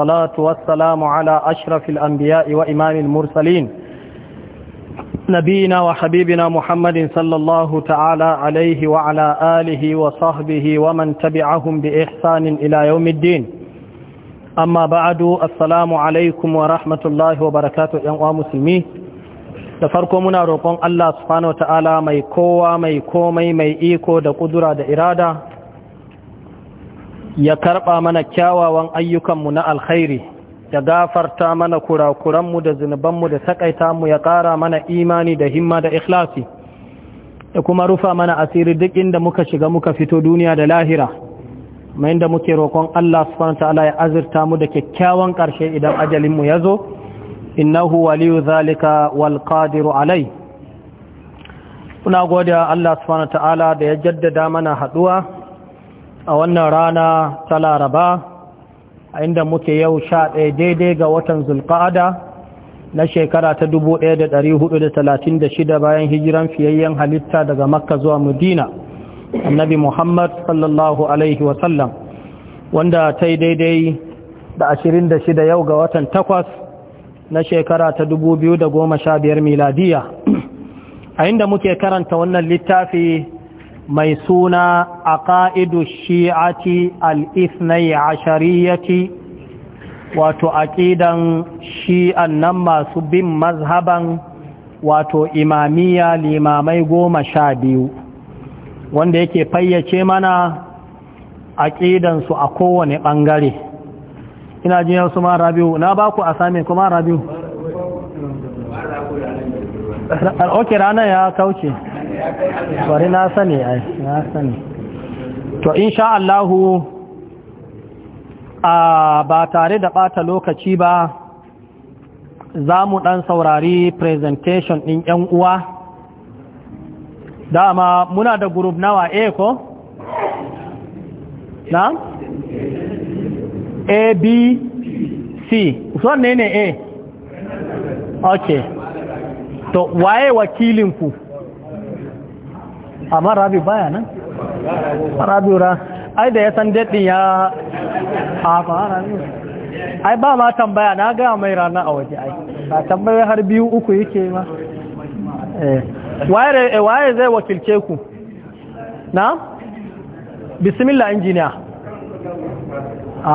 والصلاة والسلام على أشرف الأنبياء وإمام المرسلين نبينا وحبيبنا محمد صلى الله تعالى عليه وعلى آله وصحبه ومن تبعهم بإحسان إلى يوم الدين أما بعد السلام عليكم ورحمة الله وبركاته يا مسلمين da farko muna roƙon Allah subhanahu wa ta'ala mai kowa mai komai mai iko da ƙudura da irada ya karɓa mana kyawawan ayyukanmu na alkhairi ya gafarta mana kurakuranmu da zunubanmu da takaita mu ya ƙara mana imani da himma da ikhlasi da kuma rufa mana asiri duk inda muka shiga muka fito duniya da lahira mai inda muke roƙon Allah subhanahu ta'ala ya azurta mu da kyakkyawan ƙarshe idan ajalinmu ya zo innahu waliyu zalika wal qadiru alai kuna godiya Allah subhanahu ta'ala da ya jaddada mana haɗuwa a wannan rana ta laraba a inda muke yau sha ɗaya daidai ga watan zulƙa'ada na shekara ta 1436 bayan hijiran fiyayyen halitta daga makka zuwa madina annabi muhammad sallallahu alaihi wasallam wanda ta yi daidai da 26 yau ga watan takwas na shekara ta 2015 miladiya a inda muke karanta wannan littafi mai suna a ƙa'idu shi'ati a ashariyati wato aƙidan shi'an nan masu bin mazhaban wato imamiya limamai goma sha biyu wanda yake fayyace mana aƙidansu a kowane ɓangare ina jin yau su ma rabiu na ba ku a sami kuma rabiu ok rana ya kauce bari na sani ai na sani to insha Allahu a ba tare da bata lokaci ba za mu dan saurari presentation din yan uwa dama muna da group nawa A ko na A B C so ne ne A okay to waye wakilinku ku amma rabi baya nan rabi ra ai da ya san daɗin ya a rabi ai ba ma tambaya na gaya mai rana a waje ai ba tambaye har biyu uku yake ma eh, eh, waye zai wakilce ku na bismillah injiniya a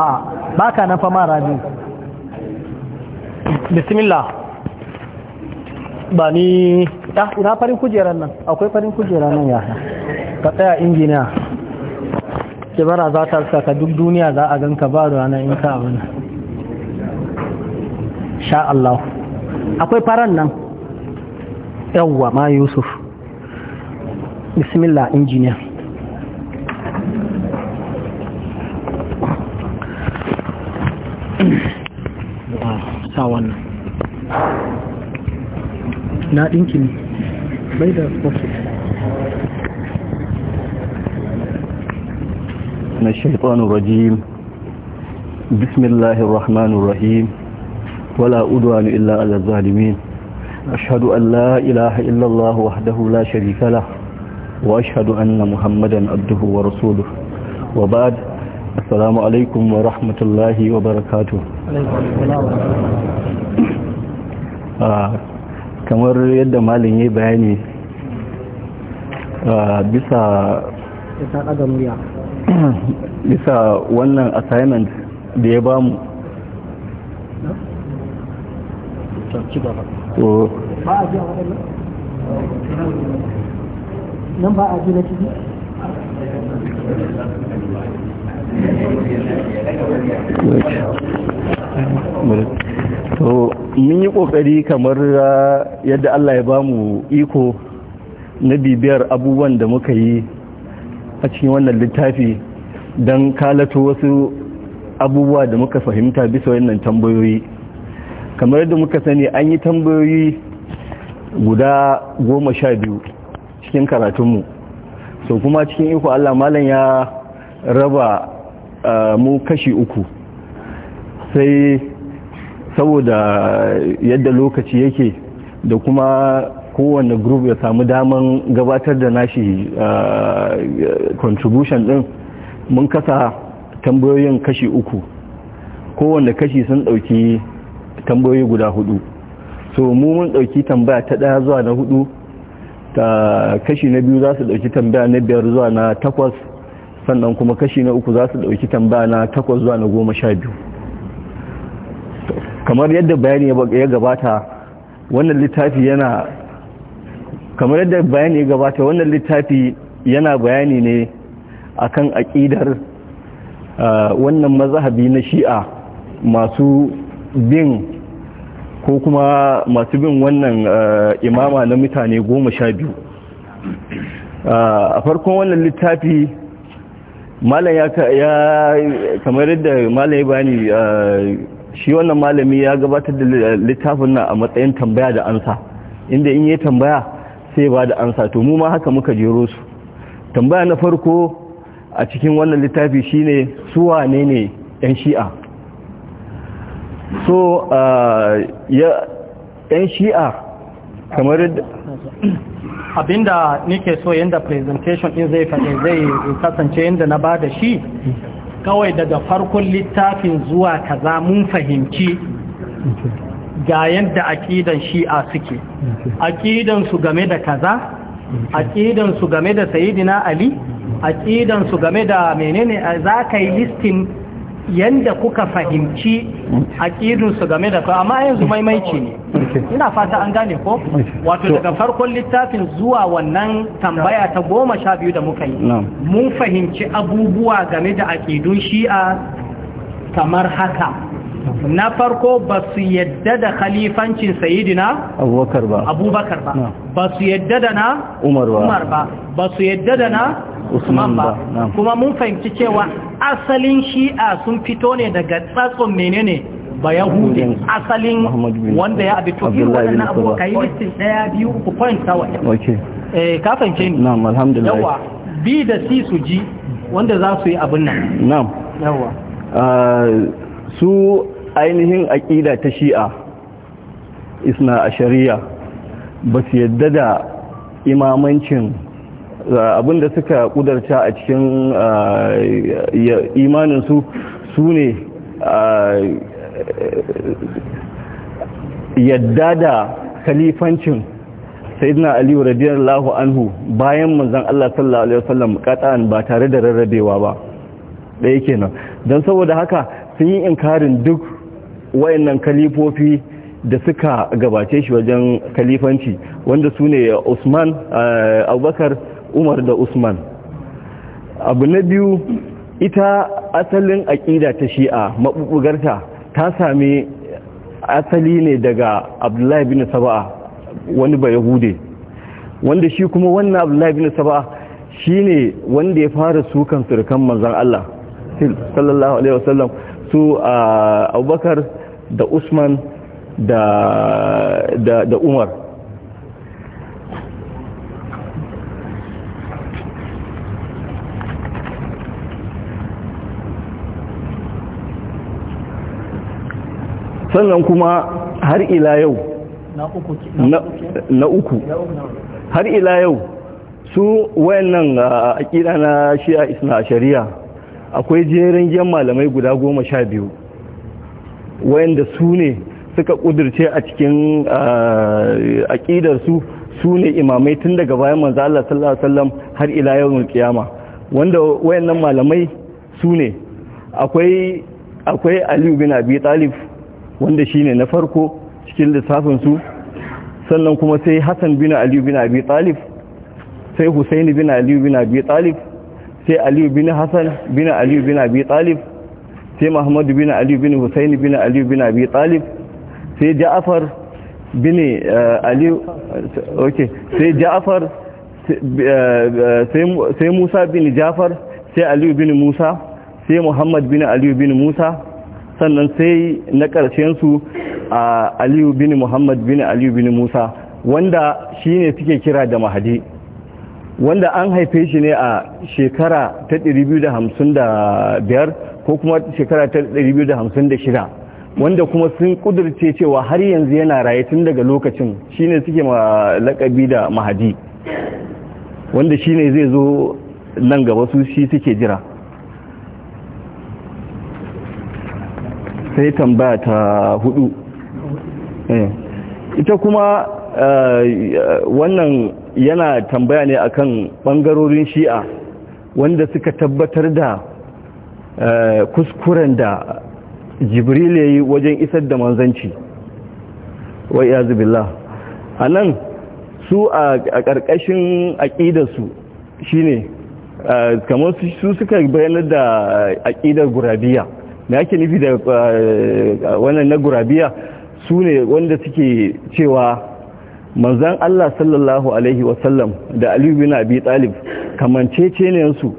ba ka na fama rabi bismillah ba ni ina farin kujerar nan akwai farin kujerar nan ya ka tsaya injiniya kibara za ta saka duk duniya za a ganka ba ranar in ka abin sha akwai faran nan yawwa ma yusuf bismillah injiniya sa wannan na ɗinki ne bai da kofi na shaitanu rajim bismillahir rahmanir rahim wala udwana illa ala zalimin ashhadu an la ilaha illa allah wahdahu la sharika lah wa ashhadu anna muhammadan abduhu wa rasuluhu wa ba'd assalamu alaikum wa rahmatullahi wa barakatuh kamar yadda malin yi bayani ah, bisa bisa wannan assignment da ya bamu nan ba a ji ciki Thank you. to mun yi kokari kamar uh, yadda Allah ya ba mu iko na bibiyar abubuwan da muka yi a cikin wannan littafi don kalato wasu abubuwa da muka fahimta bisa wannan tambayoyi kamar yadda muka sani an yi tambayoyi guda goma sha biyu cikin karatunmu so kuma cikin iko Allah malam ya raba uh, mu kashi uku sai saboda yadda lokaci yake da kuma kowane group ya samu daman gabatar da nashi uh, contribution din mun kasa tambayoyin kashi uku kowane kashi sun dauki tambayoyi guda hudu so mu mun dauki tambaya ta daya zuwa na hudu ta kashi na biyu za su dauki tambaya na biyar zuwa na takwas sannan kuma kashi na uku za su dauki tambaya na takwas zuwa na goma sha biyu kamar yadda bayani ya gabata wannan littafi yana kamar yadda bayani ya gabata wannan littafi yana bayani ne akan aƙidar wannan mazhabi na shi'a masu bin ko kuma masu bin wannan imama na mutane goma sha biyu a farkon wannan littafi malam ya kamar yadda malam ya bani shi wannan malami ya gabatar da littafin nan a matsayin tambaya da ansa inda in yi tambaya sai ba da ansa to mu ma haka muka jero su tambaya na farko a cikin wannan littafi shine su wane ne yan shi'a so yan shi'a kamar abinda nike so yanda presentation din zai zai kasance yanda na bada shi kawai daga farkon littafin zuwa kaza mun fahimci ga yadda aƙidan shi'a suke aƙidansu game da kaza aƙidansu game da sayidina ali aƙidansu game da menene za ka yi listin yanda kuka fahimci hmm? aƙidunsu game da su amma yanzu hmm. maimaici ne ina fata an gane ko wato daga farkon littafin zuwa wannan tambaya ta goma sha biyu da muka yi mun fahimci abubuwa game da aƙidun shi'a kamar haka na farko ba su yadda da khalifancin sayidina abubakar ba abubakar ba ba su yadda da na umar ba ba su yadda da na usman ba kuma mun fahimci cewa asalin shi'a sun fito ne daga tsatson menene ba yahudi asalin wanda ya abi to waɗannan abu ka yi listin ɗaya biyu ku kwanta sawa eh ka fahimce na'am alhamdulillah yawa bi da si su ji wanda za su yi abin nan na'am yawa ah, su ainihin aƙida ta shi'a isna a shari'a ba su yadda da imamancin Abin da suka kudarta a cikin eh, imaninsu su ne eh, yadda da kalifancin sayyidina aliyu radiyallahu anhu bayan manzan Allah sallallahu alaihi wasallam kata'an ba tare da rarrabewa ba ɗaya kenan don saboda haka sun yi inkarin duk wayannan kalifofi da suka gabace shi wajen kalifanci wanda su ne Usman eh, Abubakar umar da usman abu na biyu ita asalin aƙida ta shi'a maɓuɓɓugarta ta sami asali ne daga abdullahi bin saba'a wani ba yahude wanda shi kuma wannan abdullahi bin saba'a shi ne wanda ya fara sukan surukan manzan Allah sallallahu alaihi wasallam su abubakar da usman da umar sannan kuma har ila yau na uku har ila yau su wayannan akida na shi'a isna shari'a akwai jerin yan malamai guda goma sha biyu wayanda su ne suka kudurce a cikin akidarsu su ne imamai tun daga bayan manzo Allah sallallahu alaihi wasallam har ila yawon kiyama wanda wayannan malamai su ne akwai akwai Ali bin Abi Talib wanda shine na farko cikin lissafin su sannan kuma sai Hassan bin Ali bin Abi Talib sai Husaini bin Ali bin Abi Talib sai Ali bin Hassan bin Ali bin Abi Talib sai Muhammad bin Ali bin Husaini bin Ali bin Abi Talib sai Ja'far bin eh, Ali okay sai Ja'far eh, sai Musa bin Ja'far sai Ali bin Musa sai Muhammad bin Ali bin Musa sannan sai na ƙarshen su a aliyu bin muhammad bin aliyu bin musa wanda shine suke kira da mahadi wanda an haife shi ne a shekara ta 255 ko kuma shekara ta 256 wanda kuma sun kudurce cewa har yanzu yana raye tun daga lokacin shine suke lakabi da mahadi wanda shine zai zo nan gaba su shi suke jira sai tambaya ta hudu eh. ita kuma eh, wannan yana tambaya ne akan bangarorin shi'a wanda suka tabbatar da eh, kuskuren da jibril yayi wajen isar da manzanci wai ya zubila a nan su a ƙarƙashin aƙidarsu shine kamar su suka bayanar da aƙidar gurabiya me ake nufi da eh, wannan na gurabiya su ne wanda suke cewa manzan Allah sallallahu alaihi wasallam da aliyu bin abi talib su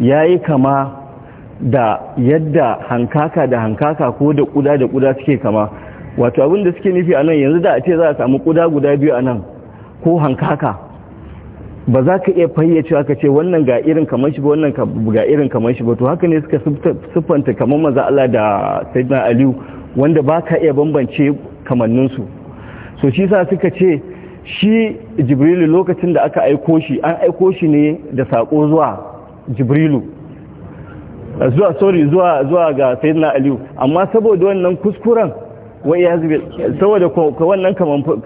ya yi kama da yadda hankaka da hankaka ko da kuda da kuda suke kama wato abinda suke nufi a nan yanzu da a ce za a samu kuda guda biyu a nan ko hankaka ba za ka iya fayyace ka ce wannan ga irin kamar shi ba wannan ga irin kamar shi ba to haka ne suka siffanta kamar maza Allah da Sayyidina Aliyu wanda ba ka iya bambance kamanninsu so shi sa suka ce shi Jibrilu lokacin da aka aiko shi an aiko shi ne da sako zuwa Jibrilu zuwa sorry zuwa ga Sayyidina Aliyu amma saboda wannan kuskuren wai ya zube saboda wannan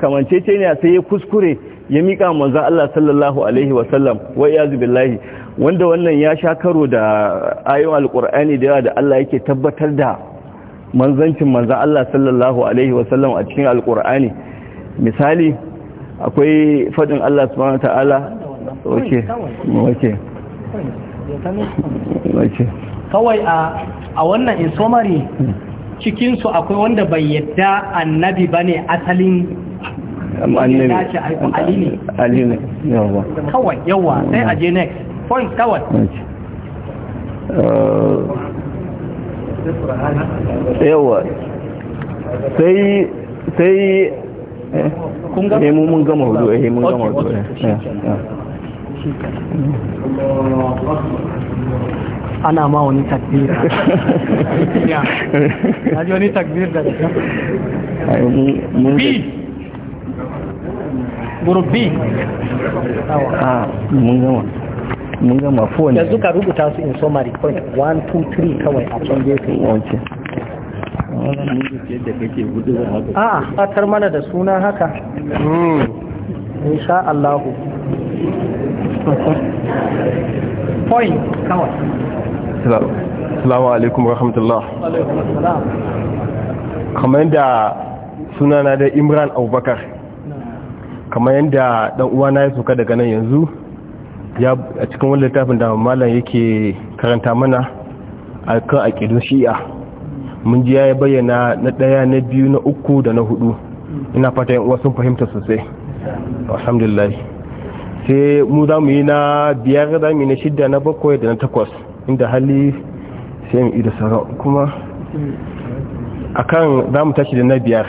kamancece ne sai ya kuskure ya miƙa manzan Allah sallallahu Alaihi wasallam wai ya zube lahi wanda wannan ya sha karo da ayon alƙur'ani da yawa da Allah yake tabbatar da manzancin manzan Allah sallallahu Alaihi wasallam a cikin alƙur'ani misali akwai faɗin Allah subhanahu ta'ala kawai a wannan in hmm. cikinsu akwai wanda bai yadda annabi ba ne asalin Ali ne kawai yawa sai a je next kawai uh, yawa sai sai eh, eh mun gama hudu eh mun gama hudu eh, ana ma wani takbir ya ji wani takbir da daga bi gurubbi a mun gama mun gama fone yanzu ka rubuta su in summary point 1 2 3 kawai a can gefe wance a fatar mana da suna haka hmm. insha Allahu point kawai salamu alaikum rahmatullah kamar yadda sunana da imran abubakar kamar yadda dan uwana ya soka daga nan yanzu ya a cikin wani littafin da malam yake karanta mana a kan aƙidun shi'a mun ji ya yi bayyana na ɗaya na biyu na uku da na hudu ina fata yin uwa fahimta sosai alhamdulillah sai mu za mu yi na biyar za mu yi na shidda na bakwai da na takwas inda hali sai mu ida sara kuma A kan za mu tashi da na biyar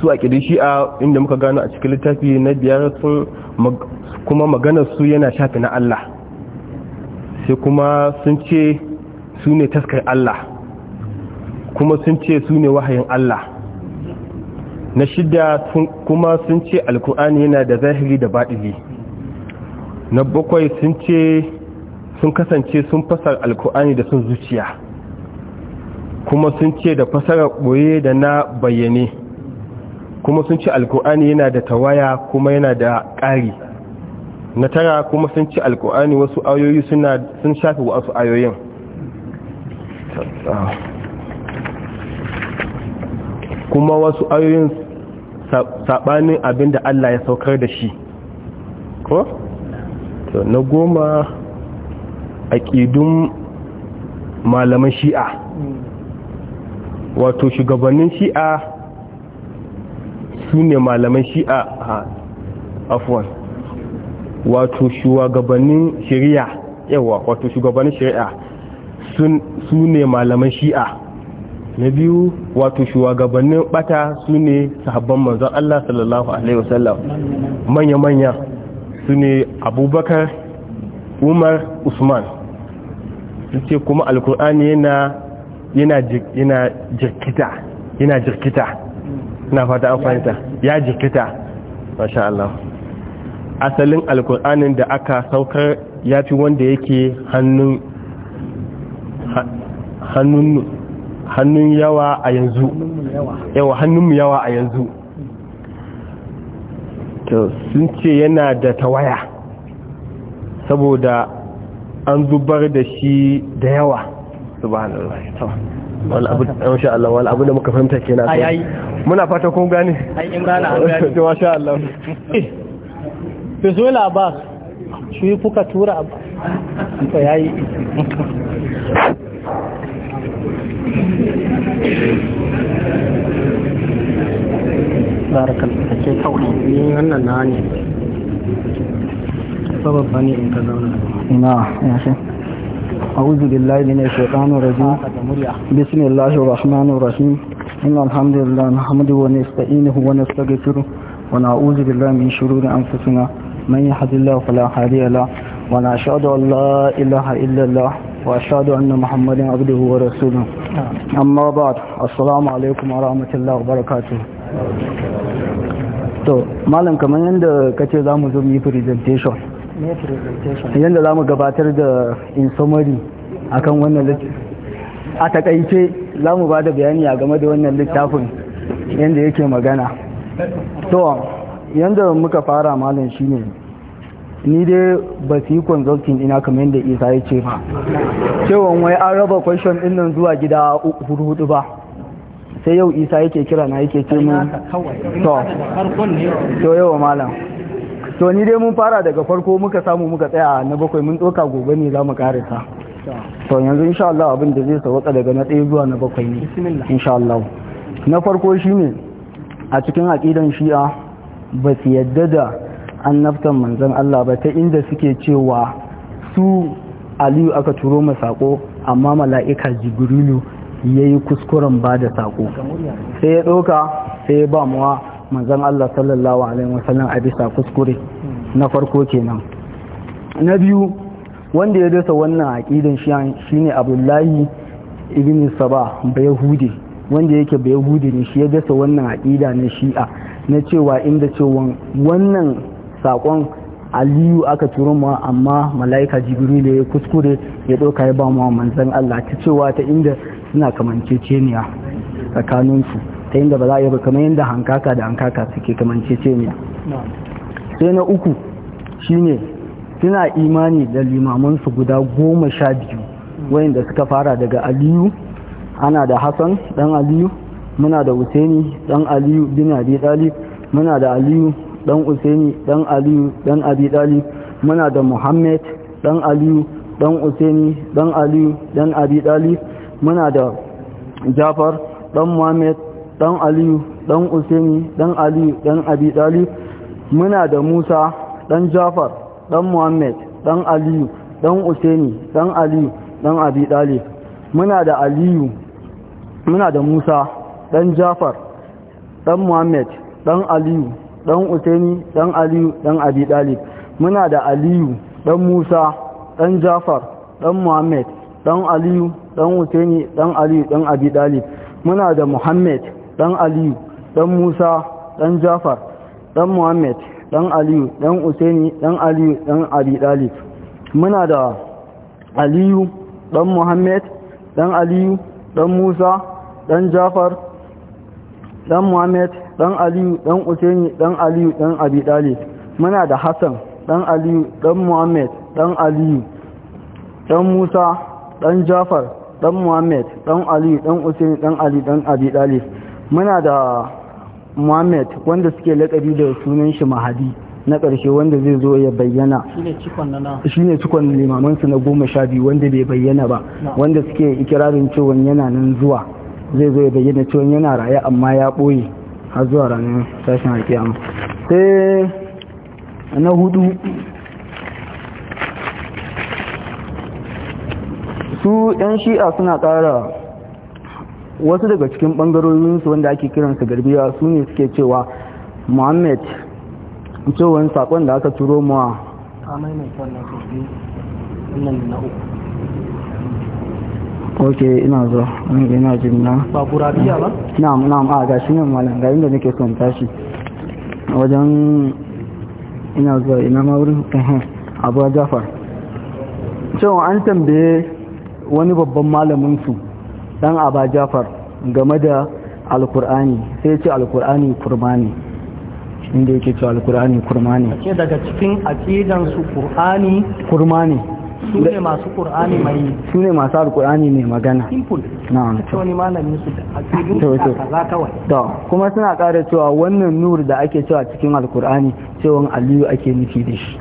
su a ƙirishi a inda muka gano a cikin littafi na biyar sun kuma magana su yana shafi na Allah sai kuma sun ce su ne taskar Allah kuma sun ce su ne wahayin Allah na shida kuma sun ce alkur'ani yana da zahiri da baɗili na bakwai sun ce sun kasance sun fasar alkur'ani da sun zuciya kuma sun ce da fasarar ɓoye da na bayyane kuma sun ce alkur'ani yana da tawaya kuma yana da ƙari na tara kuma sun ce alkur'ani wasu ayoyi sun shafi wasu ayoyin kuma wasu ayoyin saɓanin abin da Allah ya saukar da shi ko? to na goma a ƙidun malaman shi'a wato shugabannin shi'a su ne malaman shi'a a afuwan wato shugabannin shari'a yawa wato shugabannin shari'a su ne malaman shi'a na biyu wato shugabannin bata su ne sahabban manzon Allah sallallahu alaihi wasallam manya-manya su ne abubakar umar usman su ce kuma alkur'ani yana jirkita yana jirkita na fata an fahimta ya jirkita masha Allah asalin alkur'anin da aka saukar ya fi wanda yake hannun hannun hannun yawa a yanzu yawa hannunmu yawa a yanzu sun ce yana da tawaya saboda an zubar da shi da yawa subhanallah masha wal abu da muka fahimta kenan ayi muna fata kun gane ayi imrana an gane to masha Allah to la ba shi kuka tura ba to yayi بارك الله ke kawai ni wannan na ne sabab bane in ka أعوذ بالله من الشيطان الرجيم بسم الله الرحمن الرحيم إن الحمد لله نحمده ونستعينه ونستغفره ونعوذ بالله من شرور أنفسنا من يهد الله فلا هادي له ونشهد أن لا إله إلا الله وأشهد أن محمدا عبده ورسوله أما بعد السلام عليكم ورحمة الله وبركاته to malam kaman yadda kace za mu zo mu yi presentation yadda za mu gabatar da in summary akan wannan littafin a takaice za mu ba da bayani a game da wannan littafin yadda yake magana to yadda muka fara malam shine ni dai ba su yi consulting ina kamar yadda isa ya ce ba cewa wai an raba question din nan zuwa gida hudu ba sai yau isa yake kira na yake ce to to yawa malam to ni dai mun fara daga farko muka samu muka tsaya na bakwai mun tsoka gobe ne za mu karisa to yanzu insha Allah abin da zai sauka daga na ɗaya zuwa na bakwai ne insha Allah na farko shine a cikin aqidan shi'a ba su yadda da annabtan manzon Allah ba ta inda suke cewa su aliyu aka turo ma sako amma mala'ika jibrilu ya yi kuskuren ba da sako sai ya ɗauka sai ya ba muwa manzon Allah sallallahu alaihi wasallam a bisa kuskure na farko kenan na biyu wanda ya dasa wannan aqidan shine Abdullahi ibn Saba bayahudi wanda yake bayahudi ne shi ya dasa wannan aqida na Shi'a na cewa inda cewa wannan sakon aliyu aka turo ma amma mala'ika jibrilu ya kuskure ya ɗauka ya ba mu manzon Allah ta cewa ta inda suna kamanceceniya tsakaninsu ta inda ba za a yi kamar yadda hankaka da hankaka suke kamanceceniya sai na uku shine suna imani da limamansu guda goma sha biyu wayanda suka fara daga aliyu ana da hassan dan aliyu muna da husaini dan aliyu bin abi muna da aliyu dan usaini dan aliyu dan abi dalib muna da muhammad dan aliyu dan usaini dan aliyu dan abi dalib muna da jafar dan muhammad dan aliyu dan usaini dan aliyu dan abi dalib muna da musa dan jafar dan muhammad dan aliyu dan usaini dan aliyu dan abi dalib muna da aliyu muna da musa dan jafar dan muhammad dan aliyu dan usaini dan aliyu dan abi dalib muna da aliyu dan musa dan jafar dan muhammad dan aliyu dan usaini dan aliyu dan abi dalib muna da muhammad dan aliyu dan musa dan jafar dan muhammad dan aliyu dan usaini dan aliyu dan abi dalib muna da aliyu dan muhammad dan aliyu dan musa dan jafar dan muhammad dan aliyu dan usaini dan aliyu dan abi dalib muna da hassan dan aliyu dan muhammad dan aliyu dan musa dan jafar dan muhammad dan aliyu dan usaini dan ali dan abi dalib muna da muhammad wanda suke lakabi da sunan shi mahadi na ƙarshe wanda zai zo ya bayyana shi ne cikon limamansu na goma sha biyu wanda bai bayyana ba wanda suke ikirarin cewa yana nan zuwa zai zo ya bayyana cewa yana raye amma ya ɓoye har zuwa ranar tashin alkiyama sai na hudu su 'yan shi'a suna ƙara wasu daga cikin su wanda ake kiransu garbiya su ne suke cewa muhammad cewon saƙon da aka turo mawa a na uku ok ina zo ina jin na ba kurabiya ba na'am na'am a gashi nan malam ga inda nake son tashi wajen ina zo ina ma wurin abu jafar cewa an tambaye wani babban malaminsu dan abu jafar game da alkur'ani sai ce alkur'ani kurmani inda yake ce alkur'ani kurmani ake daga cikin akidansu kur'ani kurmani su ne masu qur'ani mai masu alqur'ani mai magana simple na'am ta wani malamin su da akidun kaza kawai to kuma suna ƙara cewa wannan nur da ake cewa cikin alqur'ani cewa aliyu ake nufi da shi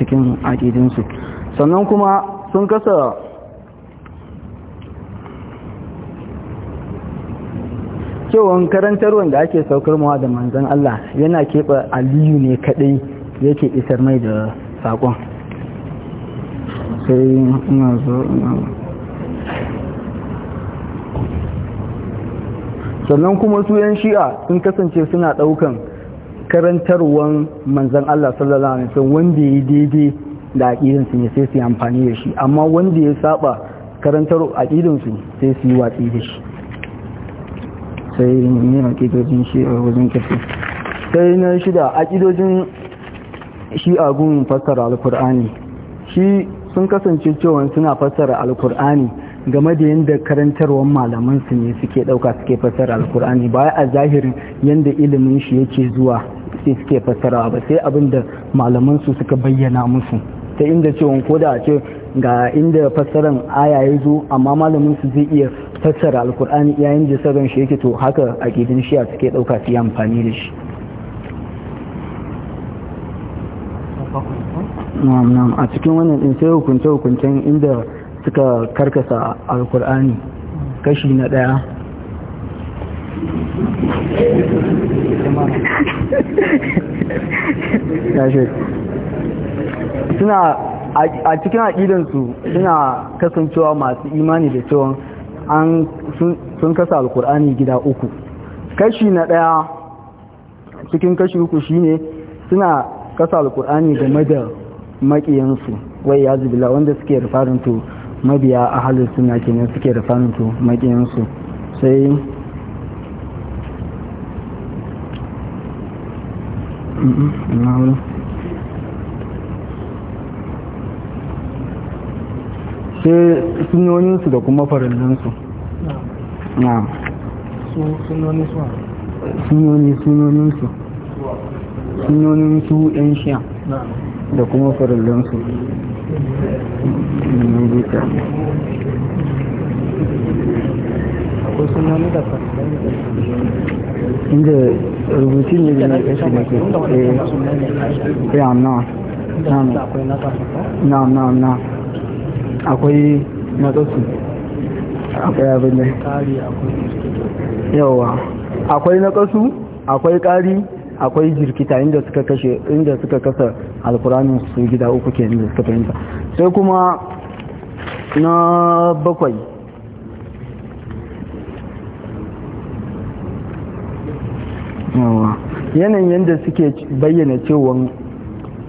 cikin akidun su sannan kuma sun kasa cewa karantarwar da ake saukar mawa da manzan Allah yana keɓe aliyu ne kaɗai yake isar mai da saƙon sai ina zo ina sannan kuma su yan shi'a sun kasance suna daukan karantarwan manzan Allah sallallahu alaihi wasallam wanda ya daidai da aƙidinsu ne sai su amfani da shi amma wanda ya saba karantar aƙidinsu sai su yi watsi da shi sai ne aqidojin shi a wajen kafin sai na shida aƙidojin shi a gun fassara Alƙur'ani shi sun kasance cewa suna fassara alkur'ani game da yadda karantarwar malaman su ne suke dauka suke fassara alkur'ani ba a zahirin yadda ilimin shi yake zuwa sai suke fassara ba sai abin da malaman su suka bayyana musu ta inda cewa ko da ce ga inda fassaran aya ya zo amma malamin su zai iya fassara alkur'ani yayin da sagan shi yake to haka a gidan shi suke dauka su yi amfani da shi a cikin wannan din sai hukunce hukuncen inda suka karkasa alkur'ani kashi na daya suna a cikin aƙidansu suna kasancewa masu imani da cewa an sun kasa alkur'ani gida uku kashi na ɗaya cikin kashi uku shine suna kasa alkur'ani game da maƙiyansu wai ya zubila wanda suke rufarin to mabiya a halin suna kenan suke rufarin to maƙiyansu sai sai sunoninsu da kuma farillansu na sunoni sunoninsu sunonin su 'yan shiya da kuma farillansu inda rubutun ne da eh, ne kashi da ke ya eh, na na na na na akwai matsatsu akwai abin da yawa akwai na kasu akwai kari akwai jirkita inda suka kashe inda suka kasa alkur'anin su gida uku ke inda suka fahimta sai kuma na bakwai yanayin yadda suke bayyana cewa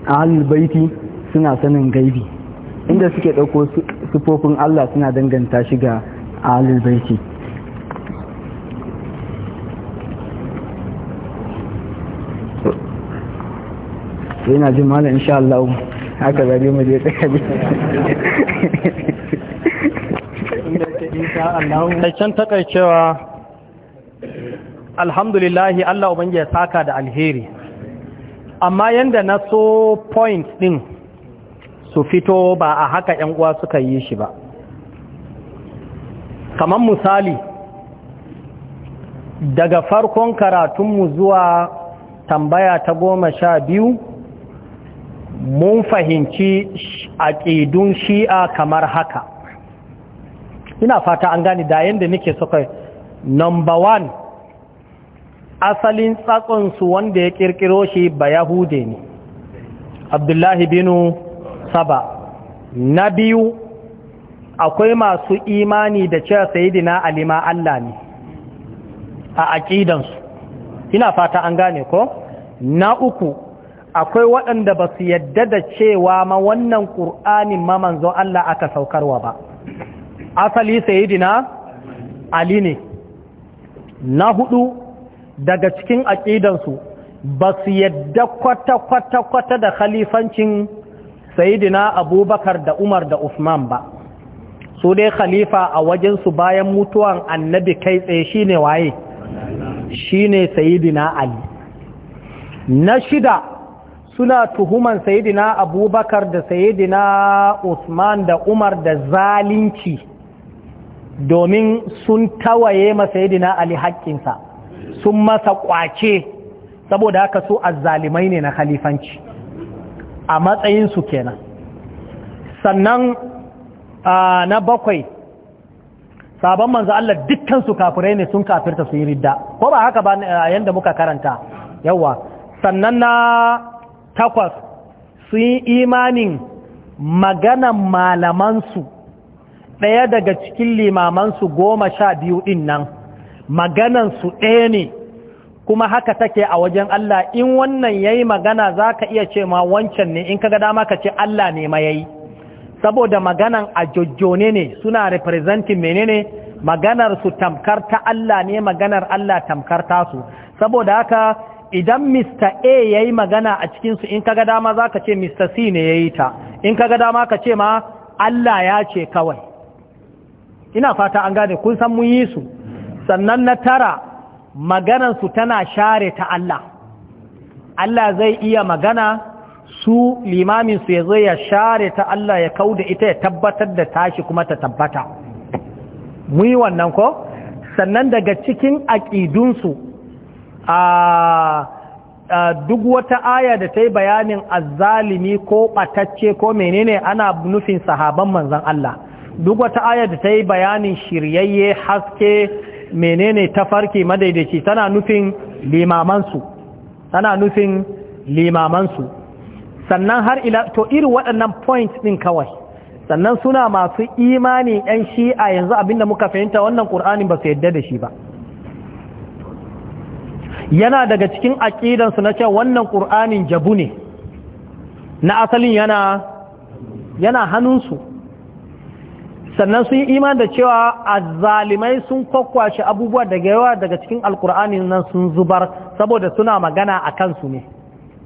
ahalul baiti suna sanin gaibi inda suke ɗauko sufofin Allah suna danganta shiga ga baiti yana jin malam insha Allah haka zai mu je tsaya can takaicewa alhamdulillahi Allah ubangi ya saka da alheri amma yanda na so point din su fito ba a haka yan uwa suka yi shi ba kamar misali daga farkon karatunmu zuwa tambaya ta goma sha biyu mun fahimci aƙidun shi'a kamar haka ina fata an gani da yadda nake suka number one asalin tsakonsu wanda ya ƙirƙiro shi ba yahude ne abdullahi binu saba na biyu akwai masu imani da cewa sayidina alima Allah ne a aƙidansu ina fata an gane ko na uku akwai waɗanda ba su yadda da cewa ma wannan ƙur'anin ma manzo Allah aka saukarwa ba asali sayidina ali ne na hudu daga cikin aƙidansu ba su yadda kwata-kwata-kwata da khalifancin sayidina abubakar da umar da usman ba su dai khalifa a wajensu bayan mutuwan annabi kai tsaye shine waye Shi ne sayidina ali na shida suna tuhuman sayidina abubakar da sayidina usman da umar da zalinci domin sun tawaye ma sayidina ali haƙƙinsa sun masa ƙwace saboda haka su azzalimai ne na khalifanci a matsayinsu kenan sannan na bakwai sabon manzo Allah dukkansu kafirai ne sun kafirta su yi ridda ko ba haka ba yanda muka karanta yawa sannan na takwas sun yi imanin maganan malamansu ɗaya daga cikin limamansu goma sha biyu ɗin nan maganansu ɗaya ne kuma haka take a wajen Allah in wannan yayi magana za ka iya ce ma wancan ne in kaga dama ka ce Allah ne ma yayi saboda maganan a jojjone ne suna representing menene maganar su tamkar ta Allah ne maganar Allah tamkar tasu saboda haka idan Mr. A ya yi magana a cikinsu in kaga dama za ka ce Mr. C ne ya yi ta, in kaga dama ka ce ma Allah ya ce kawai. Ina fata an gane kun san mun yi su, sannan na tara maganansu tana share ta Allah. Allah zai iya magana su limaminsu ya zai ya share ta Allah ya kauda ita ya tabbatar da tashi kuma ta tabbata. Mu yi wannan ko? Sannan daga cikin aƙidunsu a duk wata aya da ta yi bayanin azzalimi ko ɓatacce ko menene ana nufin sahaban manzan Allah duk wata aya da ta yi bayanin shiryayye haske menene tafarki madaidaici tana nufin limamansu tana nufin limamansu sannan har ila to irin waɗannan point ɗin kawai sannan suna masu imani ɗan shi'a yanzu abinda muka fahimta wannan ƙur'anin ba su yadda da shi ba yana daga cikin aƙidansu na cewa wannan ƙur'anin jabu ne na asalin yana yana hannunsu sannan sun yi iman da cewa zalimai sun kwakwashe abubuwa daga yawa daga cikin alƙur'anin nan sun zubar saboda suna magana a kansu ne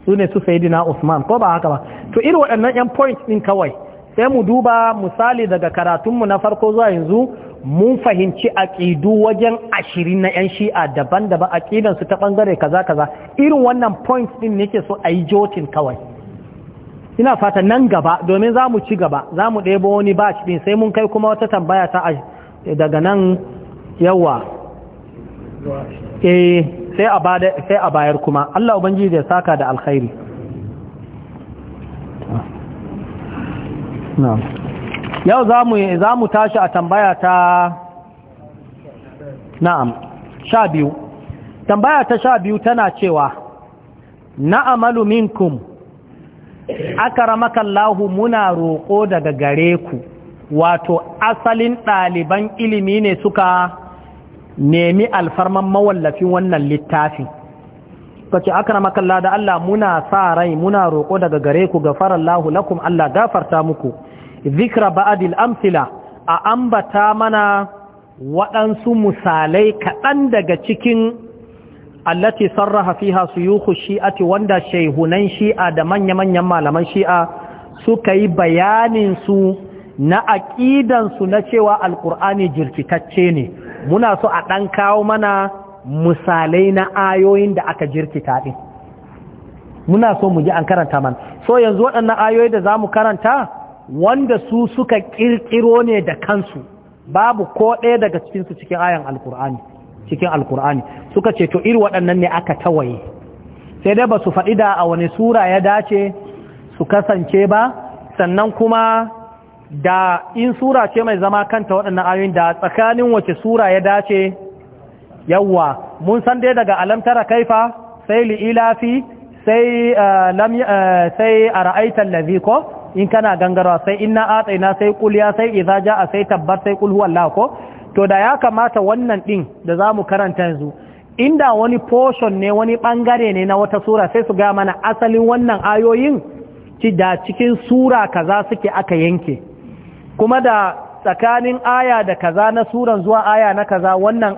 su ne su dina usman ko ba haka ba to irin waɗannan 'yan point ɗin kawai sai mu duba misali daga karatunmu na farko zuwa yanzu mun fahimci aƙidu wajen ashirin na 'yan shi'a daban-daban aƙidansu ta ɓangare kaza-kaza irin wannan point ɗin nake so a yi jotin kawai ina fata nan gaba domin za mu ci gaba za mu ɗebo wani ba ɗin sai mun kai kuma wata tambaya ta daga nan yawa eh, sai a bayar kuma Allah Ubangiji zai saka da alkhairi yau za mu tashi a tambaya ta na'am sha biyu tambaya ta sha biyu tana cewa na'amalu minkum akaramakallahu muna roƙo daga gare ku wato asalin ɗaliban ilimi ne suka nemi alfarman mawallafin wannan littafin kace akaramakallahu da Allah muna sa rai muna roƙo daga gare ku gafarallahu lakum Allah gafarta muku zikra ba'adil amsila a ambata mana waɗansu misalai kaɗan daga cikin allati sarraha fiha shi'ati wanda shaihunan shi'a da manya-manyan malaman shi'a suka yi bayanin su na aƙidansu na cewa alƙur'ani jirkitacce ne muna so a ɗan kawo mana misalai na ayoyin da aka jirkita ɗin muna so mu ji an karanta mana so yanzu waɗannan ayoyi da za mu karanta wanda su suka ƙirƙiro ne da kansu babu ko ɗaya daga cikinsu cikin ayan alkur'ani cikin alkur'ani suka ce to iri waɗannan ne aka tawaye sai dai ba su faɗi da a wani sura ya dace su kasance ba sannan kuma da in sura ce mai zama kanta waɗannan ayoyin da tsakanin wace sura ya dace yawwa mun san dai daga alamtara kaifa sai li'ilafi sai eh, eh, a ra'aitar ko in kana gangarwa sai inna atsaina sai kulya sai idza a sai tabbar sai kul huwallahu ko to da ya kamata wannan din da za mu karanta yanzu inda wani portion ne wani bangare ne na wata sura sai su ga mana asalin wannan ayoyin ci da cikin sura kaza suke aka yanke kuma da tsakanin aya da kaza na suran zuwa aya na kaza wannan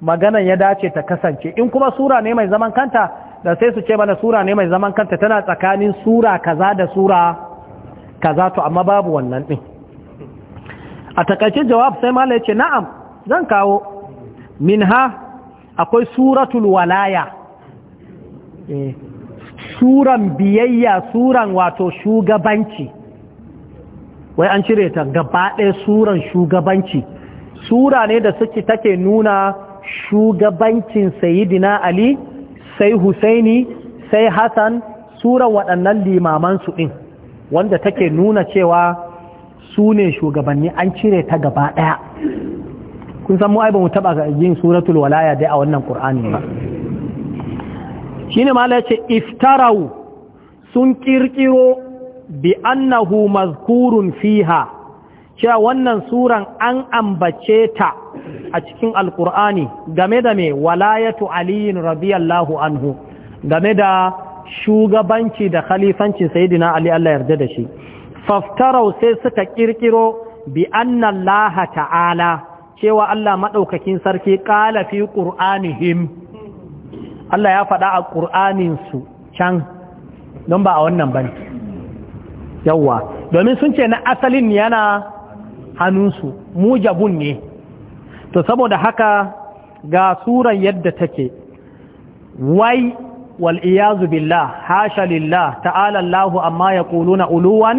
maganan ya dace ta kasance in kuma sura ne mai zaman kanta da sai su ce mana sura ne mai zaman kanta tana tsakanin sura kaza da sura kaza to amma babu wannan din a takaice jawab sai mala yace na'am zan kawo minha akwai suratul walaya eh, suran biyayya suran wato shugabanci wai an cire ta gaba ɗaya suran shugabanci sura ne da suke take nuna shugabancin sayidina ali sai husaini sai hassan suran waɗannan limaman su ɗin wanda take nuna cewa su ne shugabanni an cire ta gaba ɗaya kun san mu ai ba mu taba yin suratul walaya dai a wannan qur'ani ba shine mala yace iftarau sun kirkiro bi annahu mazkurun fiha cewa wannan suran an ambace ta a cikin alqur'ani game da me walayatu aliyin radiyallahu anhu game da shugabanci da Khalifanci sayidina ali Allah yarda da shi faftarau sai suka kirkiro bi annallaha ta'ala cewa Allah madaukakin sarki qala fi qur'anihim Allah ya faɗa a qur'anin su can don ba a wannan bane yawa domin sun ce na asalin yana hannunsu mujabun ne to saboda haka ga suran yadda take wai wal billah hasha lillah ta'ala Allah amma na uluwan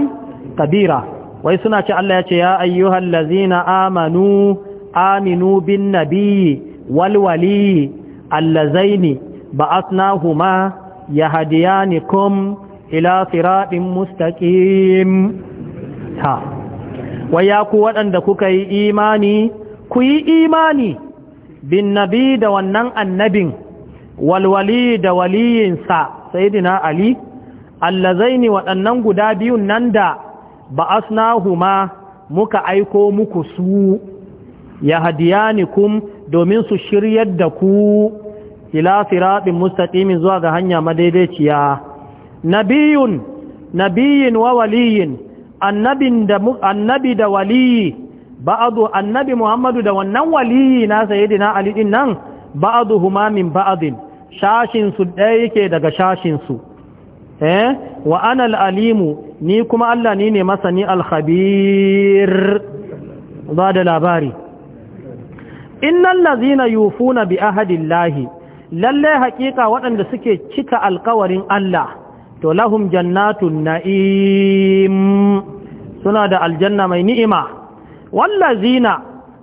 kabira wai suna ce Allah ya ce ya ayyuhan lazina amanu aminu bin nabiyyi wal wali ma Yahadiyani kum ila siratin mustaqim ta waya ku waɗanda kuka yi imani ku yi imani bin nabi da wannan annabin walwali da waliyinsa sayidina ali allazaini waɗannan guda biyun nan da ba'asnahuma muka aiko muku su ya hadiyanikum domin su shiryar da ku ila siratin mustaqimin zuwa ga hanya madaidaiciya nabiyun nabiyin wa waliyin annabi da waliyi ba'adu annabi muhammadu da wannan waliyi na sayyidina ali din nan huma min ba'adin shashinsu ɗaya yake daga shashinsu eh wa anal alimu ni kuma Allah ni ne masani alkhabir ba da labari innal lazina yufuna bi ahadillahi lalle haƙiƙa waɗanda suke cika alkawarin Allah to lahum jannatun na'im suna da aljanna mai ni'ima wallazina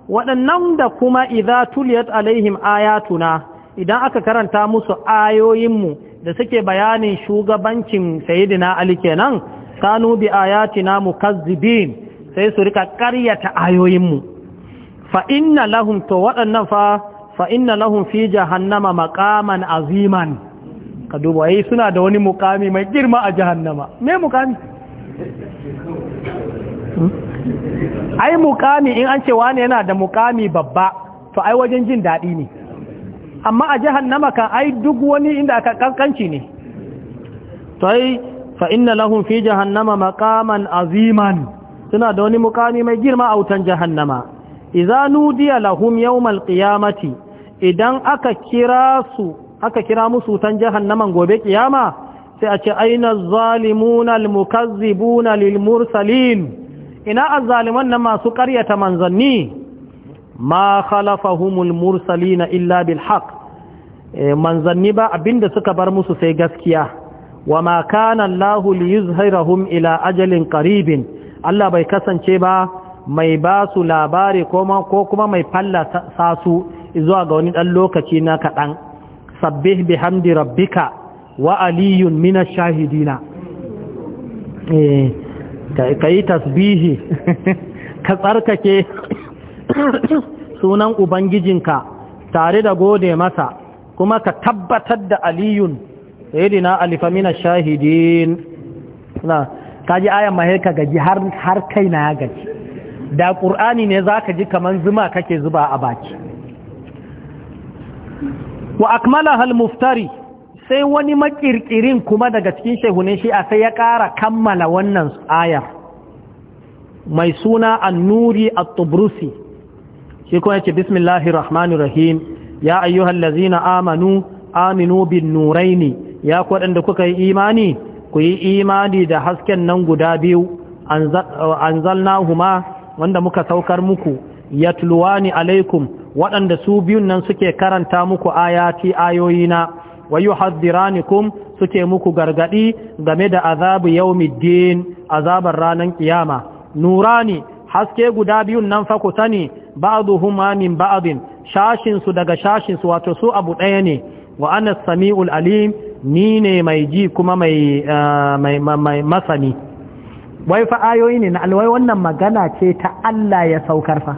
waɗannan da kuma idza tuliyat alaihim ayatuna idan aka karanta musu ayoyinmu da suke bayanin shugabancin sayidina ali kenan kanu bi ayatina mukazzibin sai su rika ƙaryata ayoyinmu fa inna lahum to waɗannan fa fa inna lahum fi jahannama maqaman aziman ka duba yi suna da wani mukami mai girma a jahannama me mukami hmm? ai mukami in an ce wani yana da mukami babba to ai wajen jin daɗi ne amma a jahannama ka ai duk wani inda aka kankanci ne to fa inna lahum fi jahannama maqaman aziman suna da wani mukami mai girma a wutan jahannama idza nudiya lahum yawmal qiyamati idan aka kira su aka kira musu wutan jahannaman gobe kiyama sai a ce aina zalimuna almukazzibuna lilmursalin ina azzaliman nan masu karyata manzanni ma khalafahumul mursalina illa bilhaq. Eh, manzanni ba abinda suka bar musu sai gaskiya wa ma kana Allahu li ila ajalin qaribin Allah bai kasance ba mai ba su labari ko kuma mai falla sa su zuwa ga wani dan lokaci na kadan sabbih bihamdi rabbika wa aliyun minash shahidina eh kai tasbihi ka tsarkake sunan ubangijinka tare da gode masa kuma ka tabbatar da aliyun sayidina alifamina shahidin na kaji ayan mahe ka gaji har kai na ya gaji da ƙur'ani ne za ka ji kamar zuma kake zuba a baki wa akmala hal muftari sai wani makirkirin kuma daga cikin shehunin shi'a sai ya ƙara kammala wannan ayar mai suna annuri at-tubrusi shi kuma yake bismillahir ya ayyuhal lazina amanu aminu bin nuraini ya kwaɗanda kuka yi imani ku yi imani da hasken nan guda biyu Anzalnahuma, huma wanda muka saukar muku yatluwani alaikum waɗanda su biyun nan suke karanta muku ayati ayoyina wa yuhaddiranikum suke muku gargadi game da azabu yawmiddin azabar ranar kiyama nurani haske guda biyun nan fa ku sani ba'dhuhuma min ba'din shashinsu daga shashinsu wato su abu ɗaya ne wa ana sami'ul alim ni ne mai ji kuma mai eh, masani wai fa ayoyi ne na alwai wannan magana ce ta Allah ya saukar fa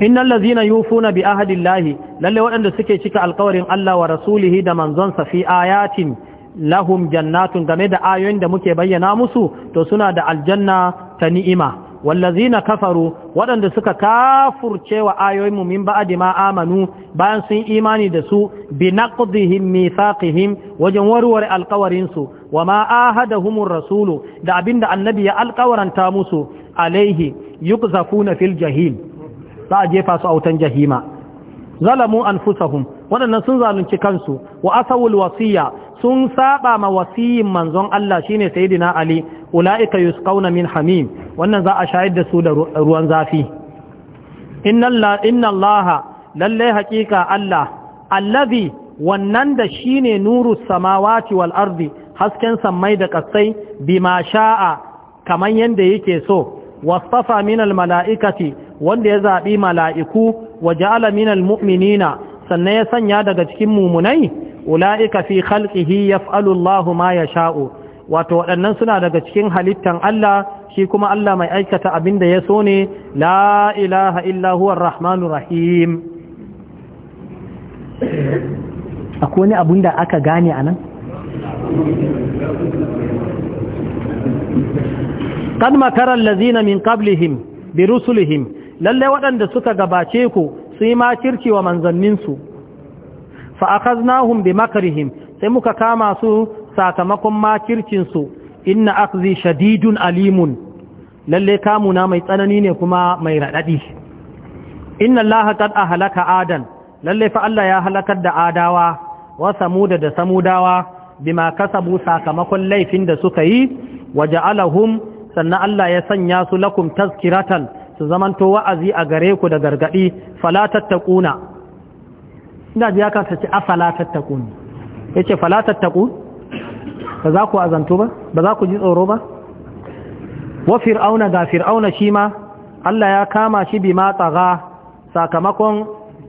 innal ladzina yufuna bi ahadillahi lalle waɗanda suke cika alƙawarin Allah wa rasulihi da manzonsa fi ayatin lahum jannatun game da ayoyin da muke bayyana musu to suna da aljanna ta ni'ima wallazina kafaru waɗanda suka kafurce wa ayoyinmu min ba'di ma amanu bayan sun imani da su bi naqdihim mithaqihim wajen warware alƙawarin su wa ma ahadahumur rasulu da abinda annabi ya alƙawaranta musu alaihi yuqzafuna fil jahil za'a a jefa su a jahima zalamu anfusahum waɗannan sun zalunci kansu wa asawul wasiya sun saba ma wasiyin manzon Allah shine sayyidina Ali ulaika yusqauna min hamim wannan za a shayar da su da ruwan zafi inna Allah lalle hakika Allah allazi wannan da shine nuru samawati wal ardi hasken sammai da kasai bima sha'a kaman yanda yake so wastafa min al mala'ikati wanda ya zabi mala'iku waje ja'ala min al mu'minina sannan ya sanya daga cikin mumunai ula'ika fi khalqihi ya Allahu ma yasha'u wato waɗannan suna daga cikin halittan Allah shi kuma Allah mai aikata abin da ya so ne la ilaha rahim akwai wani abun da aka gane a nan kan makarar lazina min qablihim bi rusulihim waɗanda suka gabace ku su yi makirci wa manzanninsu fa akaznahum bi makrihim sai muka kama su sakamakon makircin su inna akzi shadidun alimun lalle kamuna mai tsanani ne kuma mai raɗaɗi inna allaha a halaka adan lalle fa Allah ya halakar da adawa wa samuda da samudawa ma kasabu sakamakon laifin da suka yi waja'alahum sannan Allah ya sanya su lakum tazkiratan su zamanto wa'azi a gare ku da gargadi fala tattaquna ina ji ya kasa ce afala tattaku ya ce fala tattaku ba za ku azantu ba ba za ku ji tsoro ba wa fir'auna ga fir'auna shi ma Allah ya kama shi bi matsaga sakamakon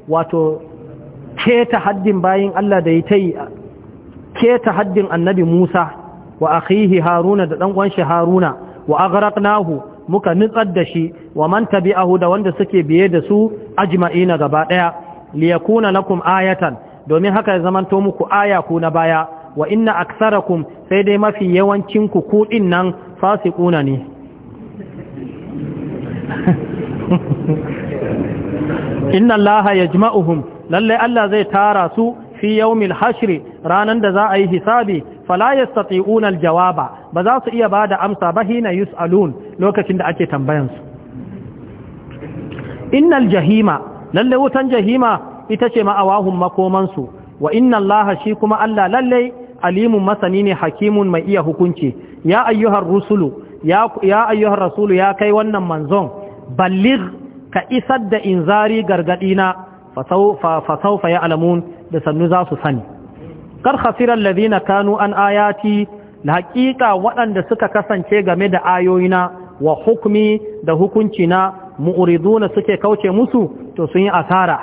wato keta haddin bayin Allah da ya ta yi keta haddin annabi Musa wa akhihi Haruna da dan shi Haruna wa aghraqnahu muka nutsar da shi wa man tabi'ahu da wanda suke biye da su ajma'ina gaba ɗaya. liyakuna lakum ayatan domin haka ya zamanto muku aya ku na baya wa inna aksarakum sai dai mafi yawancin ku kudin nan fasikuna ne inna allaha yajma'uhum lalle Allah zai tara su fi yawmil hashri ranan da za a yi hisabi fala yastati'una aljawaba ba za su iya bada amsa ba hina yus'alun lokacin da ake tambayansu innal jahima lalle wutan jahima ita ce ma'awahun makomansu wa inna allaha shi kuma allah lalle alimun masani ne hakimun mai iya hukunci ya ayyuhar rusulu ya, ayyuhar rasulu ya kai wannan manzon balligh ka isar da inzari gargadina fasaufa ya alamun da sannu za su sani kar khasirar lazina kanu an ayati da waɗanda suka kasance game da ayoyina wa hukumi da hukunci na. Mu'uriduna suke kauce musu to sun yi asara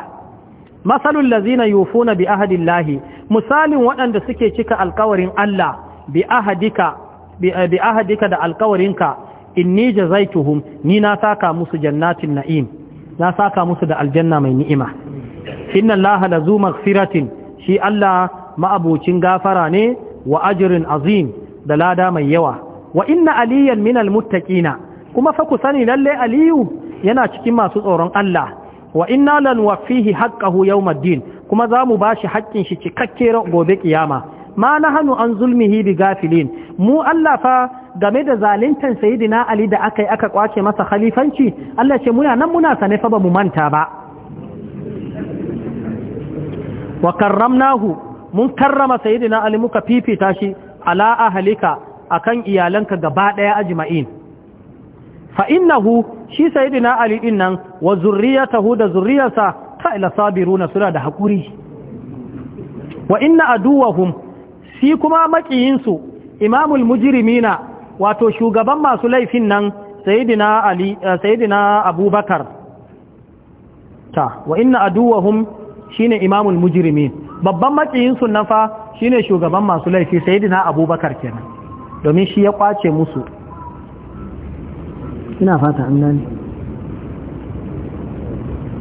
masalul lazina yufuna bi ahadillahi misalin waɗanda suke cika alkawarin Allah bi ahadika bi eh, ahadika da alkawarinka inni jazaituhum ni na saka musu jannatin na'im na saka musu da aljanna mai ni'ima inna allaha lazu maghfiratin shi Allah ma'abucin gafara ne wa ajrin azim da lada mai yawa wa inna aliyan minal muttaqina kuma fa ku sani lalle aliyu yana cikin masu tsoron Allah wa inna lan wafihi haqqahu yawmuddin kuma zamu bashi haƙƙin shi cikakke gobe kiyama ma hannu an zulmihi bi gafilin mu Allah fa game da zalintan sayyidina Ali da aka yi aka kwace masa khalifanci Allah ce muna nan muna sane fa ba mu manta ba wa karramnahu mun karrama sayyidina Ali muka fifita shi ala ahlika akan iyalanka gaba daya ajma'in fa shi sayyidina ali din nan wa zurriyatahu da zurriyarsa ta ila sabiruna suna da hakuri wa inna aduwahum shi kuma makiyinsu imamul mujirimina wato shugaban masu laifin nan sayyidina ali eh, sayyidina abubakar ta wa inna aduwahum shine imamul mujrimin babban makiyinsu nan fa shine shugaban masu laifin laifi sayyidina abubakar kenan domin shi ya kwace musu ina fata an gane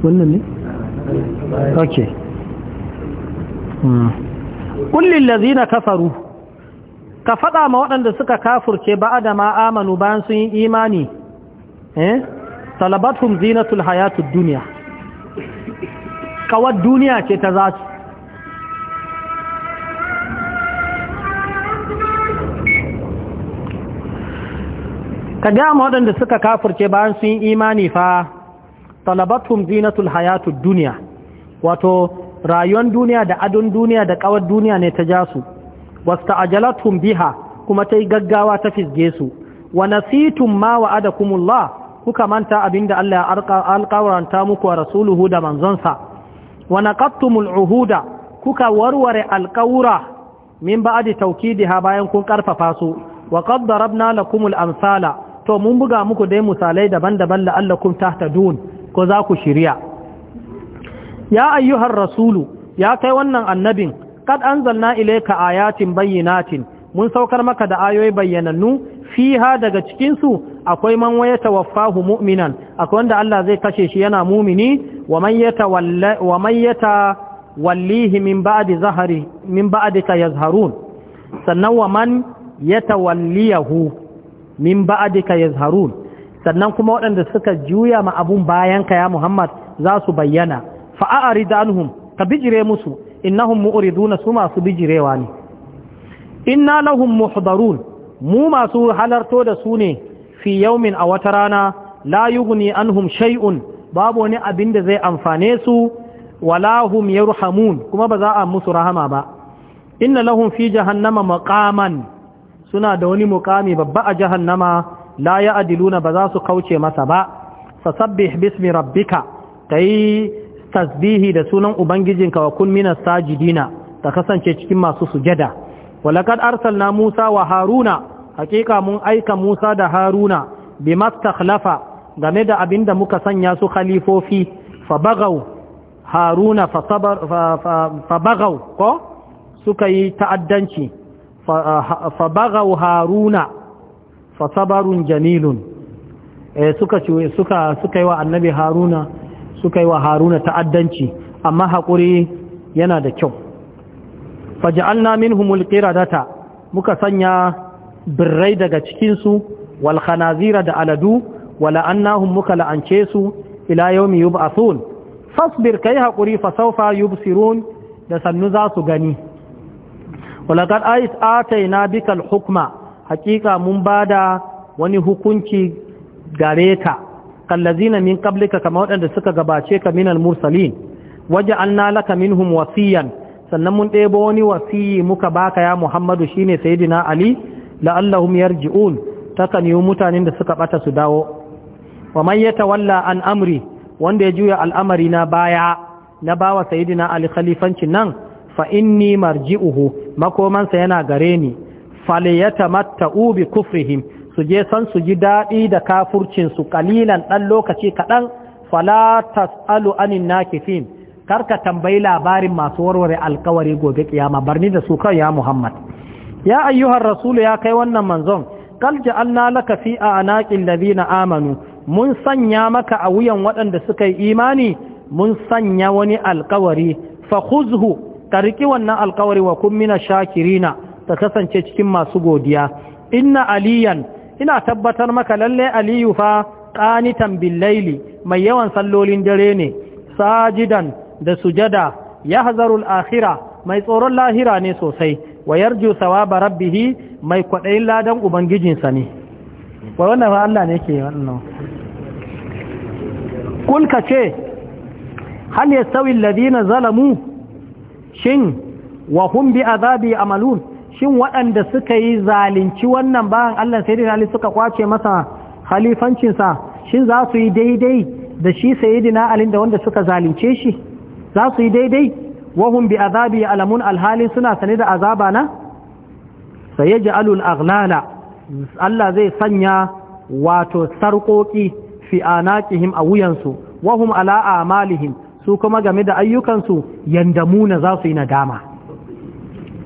wannan ne? ok kullin hmm. lazina kafaru ka faɗa ma waɗanda suka kafurce ba da ma amanu bayan sun yi imani eh talabatum zinatul hayatud duniya kawar duniya ce ta zaci ka gaya waɗanda suka kafurce bayan sun yi imani fa talabatum zinatul hayatu duniya wato rayuwar duniya da adon duniya da ƙawar duniya ne ta ja su wasta ajalatum biha kuma ta yi gaggawa ta fisge su wa nasitum ma kumullah kuka manta abinda Allah ya alƙawaranta muku wa rasuluhu da manzonsa wa naqattumul uhuda kuka warware alƙawura min ba'adi tawkidiha bayan kun karfafa su wa na lakumul amsala to mun buga muku dai misalai daban-daban la'allakum tahtadun ko za ku shirya ya ayyuhar rasulu ya kai wannan annabin kad anzalna ilayka ayatin bayyinatin mun saukar maka da ayoyi bayyanannu fiha daga cikin su akwai man waya tawaffahu mu'minan akwai wanda Allah zai kashe shi yana mumini wa man yatawalla wa man min ba'di zahari min ba'dika yazharun sannan wa man yatawalliyahu min ba'dika yazharun sannan kuma waɗanda suka juya ma abun bayan ka ya Muhammad za su bayyana fa a'rid anhum ka bijire musu innahum mu'riduna su masu bijirewa ne inna lahum muhdarun mu masu halarto da su ne fi yaumin a wata rana la yughni anhum shai'un babu wani abin da zai amfane su wala hum yarhamun kuma ba za a musu rahama ba inna lahum fi jahannama maqaman suna da wani mukami babba a jahannama la ya adiluna ba za su kauce masa ba fasabbih bismi rabbika kai tasbihi da sunan ubangijinka wa kun minas sajidina ta kasance cikin masu sujada walaqad arsalna Musa wa Haruna hakika mun aika Musa da Haruna mastakhlafa game da abinda muka sanya su khalifofi fa bagaw Haruna fa sabar fa bagaw ko suka yi ta'addanci Uh, fabagau haruna fasabarun jamilun eh, suka yi wa annabi haruna suka yi wa haruna ta'addanci amma haƙuri yana da kyau faja'alna da ta, muka sanya birrai daga cikinsu wal khanazira da aladu wala annahum muka la'ance su ila yawmi yub'athun fasbir kai haƙuri fa sawfa yubsirun da sannu za su gani walakad ais ataina bikal hukma hakika mun ba da wani hukunci gare ka kallazina min qablika kama waɗanda suka gabace ka minal mursalin waja'alna laka minhum wasiyan sannan mun ɗebo wani wasiyi muka baka ya Muhammadu shine saidina Ali la'allahum yarji'un takan yi mutanen da suka ɓata su dawo wa man yatawalla an amri wanda ya juya al'amari na baya na bawa saidina Ali khalifancin nan fa inni marji'uhu makomansa yana gare ni falyatamatta'u bi kufrihim su je san su ji daɗi da kafurcin su kalilan ɗan lokaci kaɗan fala tas'alu anin nakifin karka tambayi labarin masu warware alkawari gobe kiyama barni da su kan ya Muhammad ya ayyuhar rasulu ya kai wannan manzon kal ja'alna laka fi anaqil ladina amanu mun sanya maka a wuyan waɗanda suka yi imani mun sanya wani alkawari fa khuzhu ka wannan alkawari wa kun shakirina ta kasance cikin masu godiya inna aliyan ina tabbatar maka lalle aliyu fa qanitan billaili mai yawan sallolin dare ne sajidan da sujada yahzarul akhira mai tsoron lahira ne sosai wa yarju sawaba rabbih mai kwadayin ladan ubangijinsa ne wai wannan ba Allah ne wannan kul kace hal yastawi alladhina zalamu shin wa hum bi azabi amalun shin waɗanda suka yi zalunci wannan bayan Allah sayyidina Ali suka kwace masa khalifancinsa shin za su yi daidai da shi sayyidina Ali da wanda suka zalunce shi za su yi daidai wa hum bi azabi alamun alhalin suna sane da azaba na sayaj'alul aghlala Allah zai sanya wato sarƙoƙi fi anaqihim a wuyansu wahum ala amalihim su kuma game da ayyukansu yandamuna za su yi nadama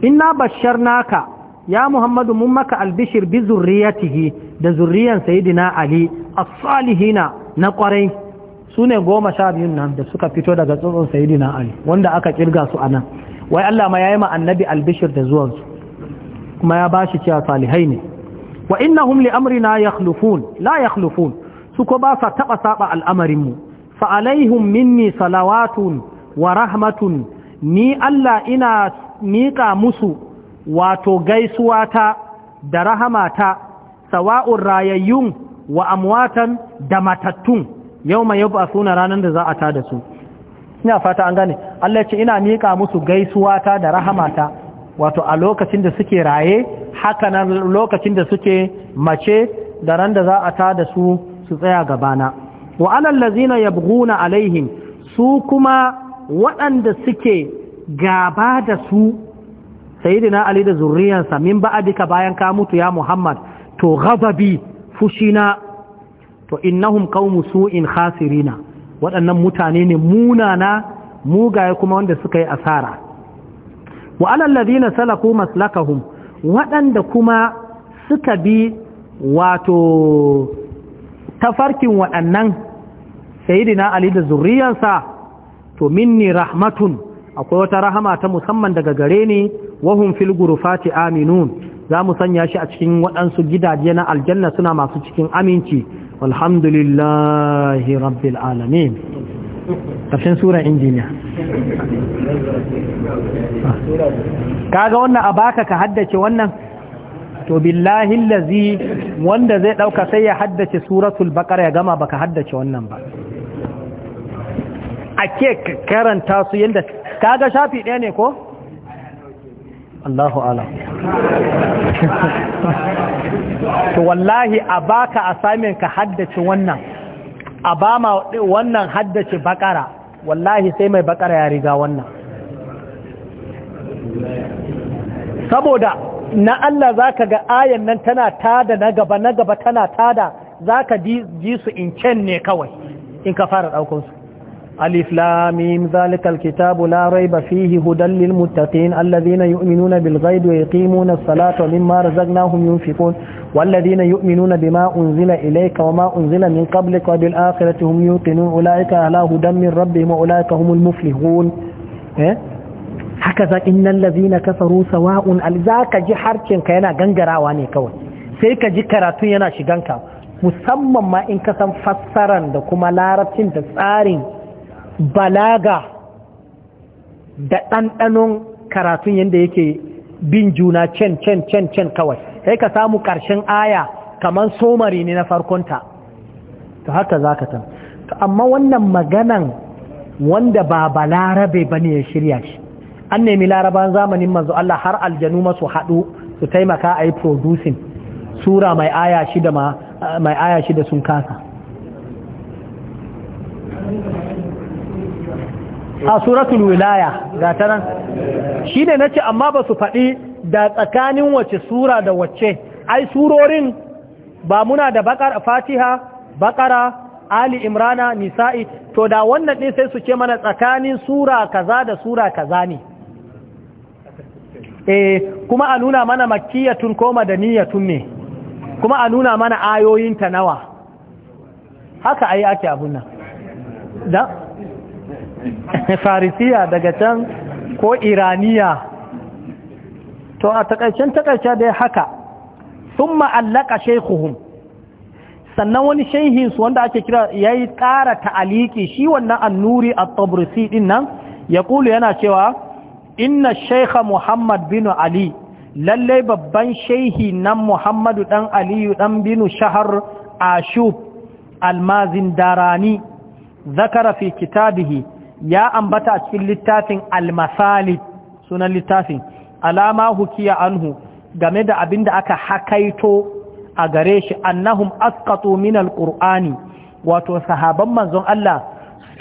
inna bashar naka ya muhammadu mun maka albishir bi zurriyatihi da zurriyan sayidina ali a salihina na kwarai su ne goma sha biyun nan da suka fito daga tsoron sayidina ali wanda aka kirga su a nan. wai Allah ma yayi ma annabi albishir da zuwansu kuma ya bashi cewa salihai ne wa innahum li amrina yakhlufun la yakhlufun su ko ba sa taba saba al'amarin mu fa'alaihun minni salawatun wa rahmatun ni Allah ina miƙa musu wato gaisuwata da rahamata sawa'un rayayyun wa amwatan da matattun yau mai yau ba suna ranar da za a da su ina fata an gane Allah ce ina miƙa musu gaisuwata da rahamata wato a lokacin da suke raye hakanan lokacin da suke mace da ran da za a ta da su su tsaya gabana wa alallazina yabghuna alaihim su kuma waɗanda suke gaba da su sayidina ali da zurriyarsa min ba'dika bayan ka mutu ya muhammad to ghadabi fushina to innahum qaumu su'in khasirina waɗannan mutane ne munana mugaye kuma wanda suka yi asara wa alallazina salaku maslakahum waɗanda kuma suka bi wato tafarkin waɗannan sayidina ali da zuriyarsa, to minni rahmatun akwai wata rahama ta musamman daga gare ni wahum fil gurufati aminun za mu sanya shi a cikin waɗansu gidaje na aljanna suna masu cikin aminci walhamdulillahi rabbil alamin ƙarshen sura injiniya kaga wannan a baka ka haddace wannan to billahi lazi wanda zai ɗauka sai ya haddace suratul baƙar ya gama baka haddace wannan ba a ke karanta su yadda kaga shafi ɗaya ne ko? Allahu ala to wallahi a baka a ka haddace wannan a ba ma wannan haddace bakara wallahi sai mai bakara ya riga wannan saboda na Allah za ka ga ayan nan tana tada na gaba na gaba tana tada za ka ji su in ne kawai in ka fara ɗaukunsu alif lam mim zalikal kitabu la rayba fihi hudan lil muttaqin alladhina yu'minuna bil ghaibi wa yuqimuna as-salata wa mimma razaqnahum yunfiqun والذين يؤمنون بما أنزل إليك وما أنزل من قبلك وبالآخرة هم يوقنون أولئك على هدى من ربهم وأولئك هم المفلحون هكذا إن الذين كفروا سواء ذاك جي كينا غنغرا واني كوي sai ka ji karatu yana shiganka musamman ma in ka san fassaran da kuma larabcin da tsarin balaga da ɗanɗanon karatun yadda yake bin juna can can can can kawai sai ka samu ƙarshen aya kamar somari ne na farkonta ta haka za ka tan amma wannan maganan wanda ba balarabe ba ne ya shirya shi an nemi laraban zamanin manzo Allah har aljanu masu haɗu su taimaka a yi producing sura mai aya shida sun kasa a suratul wilaya ga ta nan shi ne na ce amma ba su faɗi da tsakanin wace sura da wace ai surorin ba muna da bakar fatiha bakara ali imrana nisa'i to da wannan ɗin sai su ce mana tsakanin sura kaza da sura kaza ne eh kuma a nuna mana makiyatun ko madaniyatun ne kuma a nuna mana ayoyin nawa haka ai ake abun nan farisiya daga can ko iraniya to a takaicen takaice dai haka sun ma'allaka shaikuhun sannan wani shaihinsu wanda ake kira ya yi ƙara ta'aliki shi wannan annuri a tabrisi ɗin nan ya kulu yana cewa inna shaikha muhammad bin ali lallai babban shaihi nan muhammadu ɗan aliyu ɗan binu shahar ashub almazin darani zakara fi kitabihi ya ambata a cikin littafin almasali sunan littafin alama hukiya anhu game da abin da aka hakaito a gare shi annahum asqatu min alqur'ani wato sahaban manzon Allah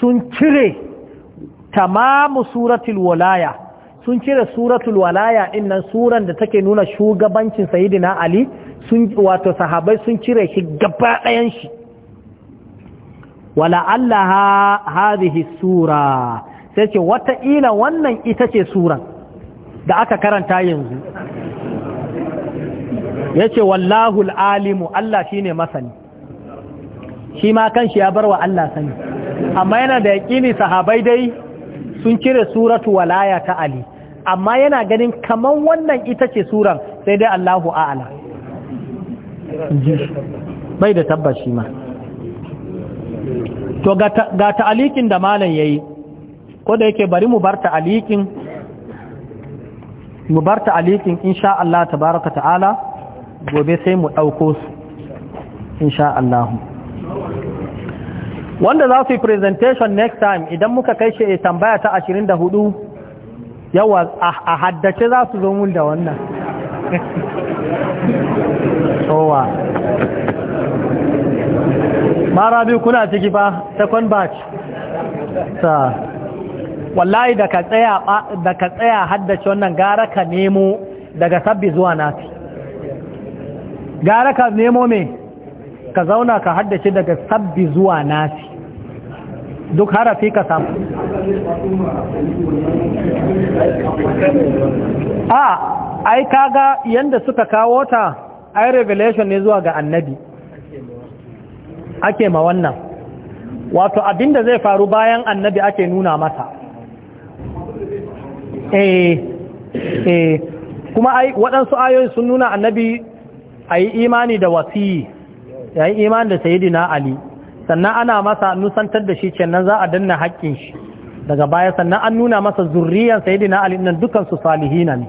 sun cire tamamu suratul walaya sun cire suratul walaya innan suran da take nuna shugabancin sayyidina ali sun wato sahabai sun cire shi gaba ɗayan shi wala allaha hadhihi sura sai ce wataƙila wannan ita ce suran da aka karanta yanzu yace ce wallahu alimu Allah shi masani shi ma kanshi ya bar wa Allah sani amma yana da yaƙini sahabai dai sun cire suratu walaya ta Ali amma yana ganin kamar wannan ita ce suran sai dai Allahu a'ala bai da tabbashi ma to ga ta'alikin da malam yayi ko da yake bari mu bar ta'alikin mu bar ta'alikin insha Allah tabaraka ta'ala gobe sai mu dauko su insha Allah wanda za su yi presentation next time idan muka kai shi eh, tambaya ta 24 yawa a haddace za su zo mun da wannan mara biyu kuna ciki ba second batch ta wallahi da ka tsaya da ka tsaya haddace wannan gara ka nemo daga sabbi zuwa nafi gara ka nemo me ka zauna ka haddace daga sabbi zuwa nafi duk harafi ka samu a ai kaga yanda suka kawo ta ai revelation ne zuwa ga annabi ake ma wannan wato abinda zai faru bayan annabi ake nuna masa eh eh kuma ai waɗansu ayoyi sun nuna annabi a yi imani da wasi ya imani da sayidina ali sannan ana masa nusantar da shi kenan za a danna haƙƙin shi daga baya sannan an nuna masa zurriyan sayidina ali nan dukan su salihina ne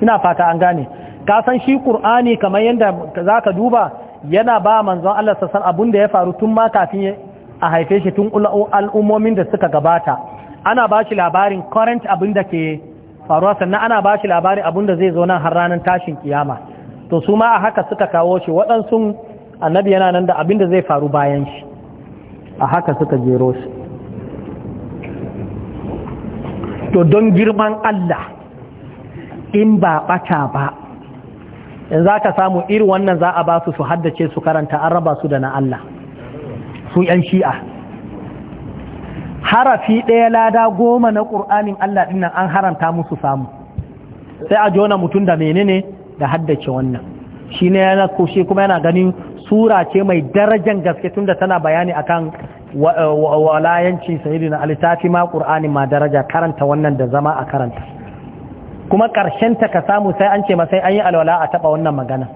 ina fata an gane ka san shi qur'ani kamar yadda ka duba yana ba manzon Allah sassan abun da ya faru tun ma kafin a haife shi tun al'ummomin da suka gabata ana ba shi labarin current abin da ke faruwa sannan ana ba shi labarin abin da zai zo nan har ranar tashin kiyama to su ma a haka suka kawo shi waɗansu annabi yana nan da abin da zai faru bayan shi a haka suka jero shi to don girman Allah in ba ɓata ba in za ka samu irin wannan za a ba su su haddace su karanta an raba su da na Allah su yan shi'a harafi ɗaya lada goma na ƙur'anin Allah ɗin an haramta musu samu sai a jona mutum da menene da haddace wannan shi ne yana kushe kuma yana ganin sura ce mai darajan gaske tun da tana bayani akan walayanci na alitafi ma ƙur'ani ma daraja karanta wannan da zama a karanta kuma ta ka samu sai an ce masai an yi alwala a taɓa wannan magana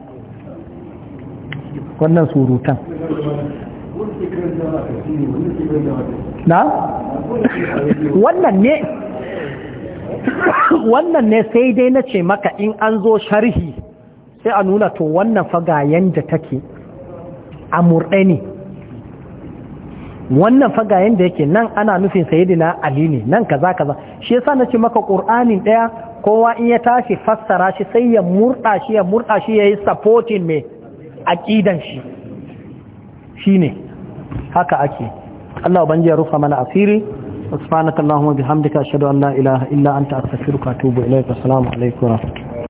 wannan surutan na? wannan ne wannan ne sai dai na ce maka in an zo sharhi sai a nuna to wannan faga yadda take a murɗe ne wannan faga yadda yake nan ana nufin sayidina ali ne nan kaza kaza shi yasa na ce maka ƙur'anin ɗaya kowa in ya tashi fassara shi sai ya murɗa shi ya murɗa shi ya yi supporting mai aƙidan shi shi ne haka ake Allah ubangiji ya rufa mana asiri subhanakallahumma hamdika ashhadu an la ilaha illa anta astaghfiruka wa atubu ilaik assalamu alaikum